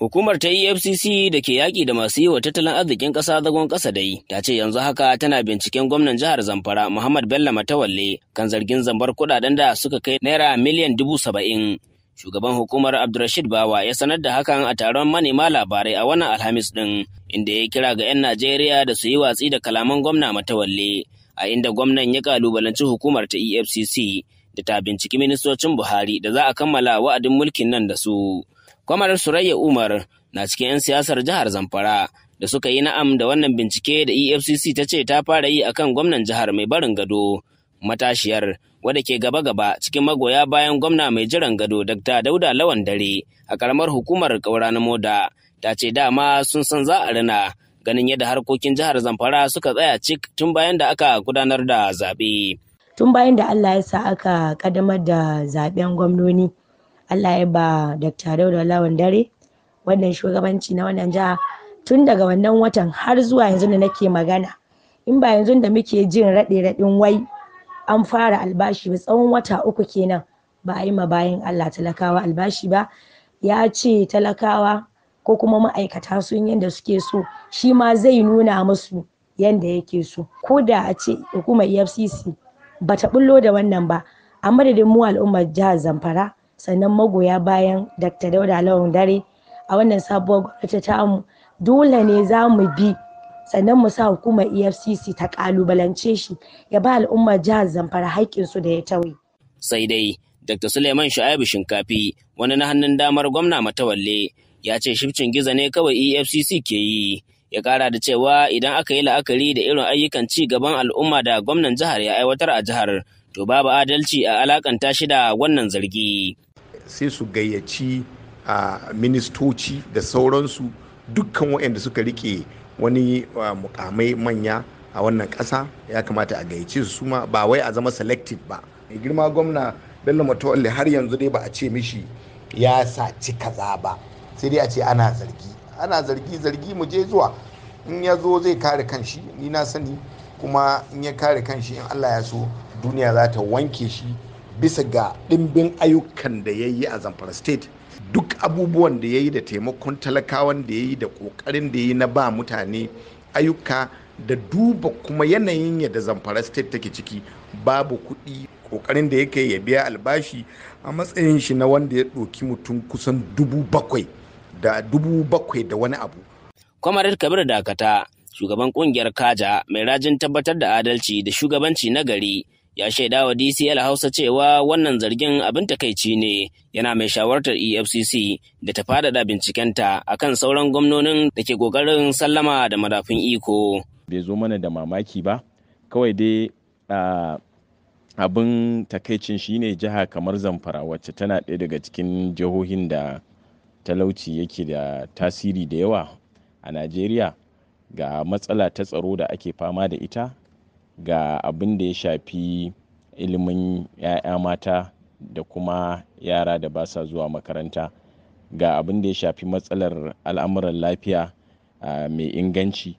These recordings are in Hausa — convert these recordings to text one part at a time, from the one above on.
Hukumar ta EFCC da ke yaƙi da masu yi wa tattalin arzikin ƙasa zagon ƙasa dai ta ce yanzu haka tana binciken gwamnan jihar Zamfara Muhammad Bello Matawalle kan zargin zambar kuɗaɗen da suka kai naira miliyan dubu saba'in. Shugaban hukumar abdulrashid Bawa ya sanar da hakan a taron manema labarai a wannan Alhamis ɗin inda ya kira ga 'yan Najeriya da su yi watsi da kalaman gwamna Matawalle a inda gwamnan ya kalubalanci hukumar ta EFCC da ta binciki ministocin Buhari da za a kammala wa'adin mulkin nan da su. Kwamar Surayya Umar na cikin 'yan siyasar jihar Zamfara da suka yi na'am da wannan bincike da EFCC ta ce ta fara yi akan gwamnan jihar mai barin gado. Matashiyar wadda ke gaba-gaba cikin magoya bayan gwamna mai jiran gado Dr. Dauda Lawan Dare a karamar hukumar Kaura na Moda ta ce dama sun san za a rina ganin yadda harkokin jihar Zamfara suka tsaya cik tun bayan da aka gudanar da zaɓe. tun bayan da Allah ya sa aka ƙaddamar da zaɓen gwamnoni Allah ya ba Dr. Dauda Lawan Dare wannan shugabanci na wannan jiha tun daga wannan watan har zuwa yanzu da nake magana in ba yanzu da muke jin raɗe-raɗin wai an fara albashi ba tsawon wata uku kenan ba a yi ma bayan Allah talakawa albashi ba ya ce talakawa ko kuma ma'aikata sun yanda suke so shi ma zai nuna musu yanda yake so ko da a ce hukumar efcc bata bullo da wannan ba a madadin mu al'ummar jihar zamfara sannan magoya bayan dr dauda lawan dare a wannan sabuwar gwamnati ta mu dole ne za mu bi sannan mu sa hukumar efcc ta kalubalance shi ya ba al'ummar jihar zamfara su da ya tauye sai dai dr suleiman shu'aibu shinkafi wani na hannun damar gwamna matawalle ya ce shifcin giza ne kawai efcc ke yi ya kara da cewa idan aka yi la'akari da irin ayyukan ci gaban al'umma da gwamnan jihar ya aiwatar a jihar to babu adalci a alakanta shi da wannan zargi sai su gayyaci a ministoci da sauransu dukkan waɗanda suka rike wani mukamai manya a wannan ƙasa ya kamata a gayyace su suma ba wai a zama selective ba girma gwamna bello matawalle har yanzu dai ba a ce mishi ya saci kaza ba sai dai a ce ana zargi ana zargi zargi mu je zuwa in ya zo zai kare kanshi ni na sani kuma in ya kare kanshi in Allah ya so duniya za ta wanke shi bisa ga ɗimbin ayyukan da ya yi a zamfara state duk abubuwan da ya yi da taimakon talakawan da ya yi da ƙoƙarin da ya yi na ba mutane ayyuka da duba kuma yanayin yadda zamfara state take ciki babu kuɗi ƙoƙarin da yake ya biya albashi a matsayin shi na wanda ya ɗoki mutum kusan dubu bakwai da dubu bakwai da wani abu. Kwamarar Kabir Dakata, shugaban kungiyar Kaja mai rajin tabbatar da adalci da shugabanci na gari, ya shaida wa DCL Hausa cewa wannan zargin abin takaici ne yana mai shawartar EFCC da ta faɗaɗa bincikenta akan sauran gwamnonin da ke ƙoƙarin sallama da madafin iko. Bai zo mana da mamaki ba, kawai dai abin takaicin shine jiha kamar zamfara wacce tana ɗaya daga cikin jihohin da talauci yake da tasiri da yawa a najeriya ga matsala ta tsaro da ake fama da ita ga abin da ya shafi ilimin 'ya'ya mata da kuma yara da ba sa zuwa makaranta ga abin da ya shafi matsalar al'amuran lafiya mai inganci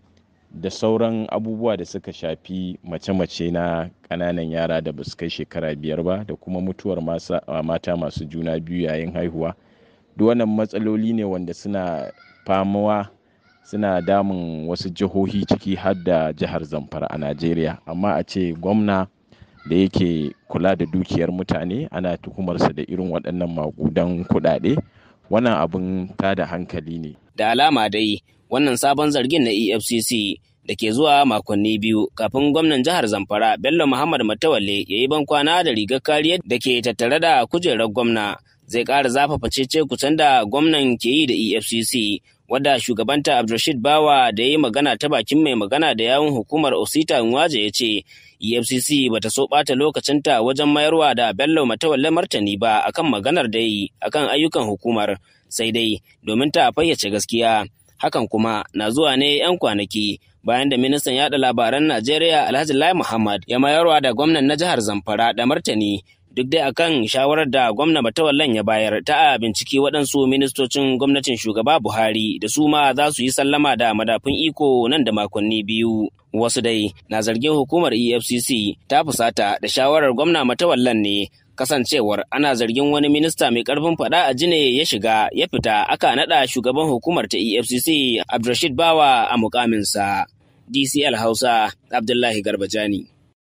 da sauran abubuwa da suka shafi mace-mace na kananan yara da ba su kai shekara biyar ba da kuma mutuwar mata masu juna biyu yayin haihuwa wannan matsaloli ne wanda suna famuwa suna damun wasu jihohi ciki har da jihar zamfara a najeriya amma a ce gwamna da yake kula da dukiyar mutane ana tuhumarsa da irin waɗannan maƙudan kuɗaɗe wannan abin tada hankali ne da alama dai wannan sabon zargin na efcc da ke zuwa makonni biyu kafin gwamnan jihar zamfara bello muhammad matawalle ya yi bankwana da rigar kariyar da ke tattare da kujerar gwamna zai ƙara zafafa cece kusan da gwamnan ke yi da EFCC wadda shugabanta Abdulrashid Bawa da ya yi magana ta bakin mai magana da yawun hukumar Osita Nwaje ya ce EFCC ba ta so ɓata lokacinta wajen mayarwa da Bello Matawalle martani ba akan maganar da yi akan ayyukan hukumar sai dai domin ta fayyace gaskiya hakan kuma na zuwa ne 'yan kwanaki bayan da ministan yaɗa labaran Najeriya Alhaji Lai Muhammad ya mayarwa da gwamnan na jihar Zamfara da martani duk dai akan shawarar da gwamna matawallan ya bayar ta a binciki waɗansu ministocin gwamnatin shugaba buhari da su ma za su yi sallama da madafun iko nan da makonni biyu wasu dai na zargin hukumar efcc ta fusata da shawarar gwamna matawallan ne kasancewar ana zargin wani minista mai karfin fada a jine ya shiga ya fita aka nada shugaban hukumar ta efcc abdulrashid bawa a mukaminsa dcl hausa abdullahi garbajani